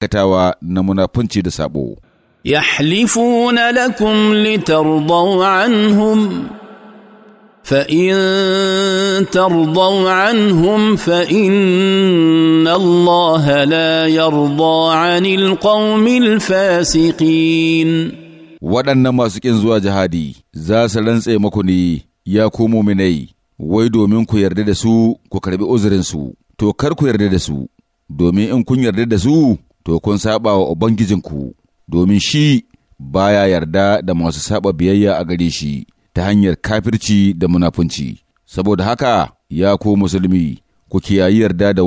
dakatawa na munafunci da sabo. يحلفون لكم لترضوا عنهم فإن ترضوا عنهم Fa'in Allah la يرضى عن القوم waɗannan masu ƙin zuwa jihadi za su rantse maku ne ya ku muminai wai domin ku yarda da su ku karɓi uzurinsu to kar ku yarda da su domin in kun yarda da su to kun saba wa Ubangijinku, domin shi baya yarda da masu saba biyayya a gare shi ta hanyar kafirci da munafunci. Saboda haka, ya ku musulmi, ku kiyayi yarda da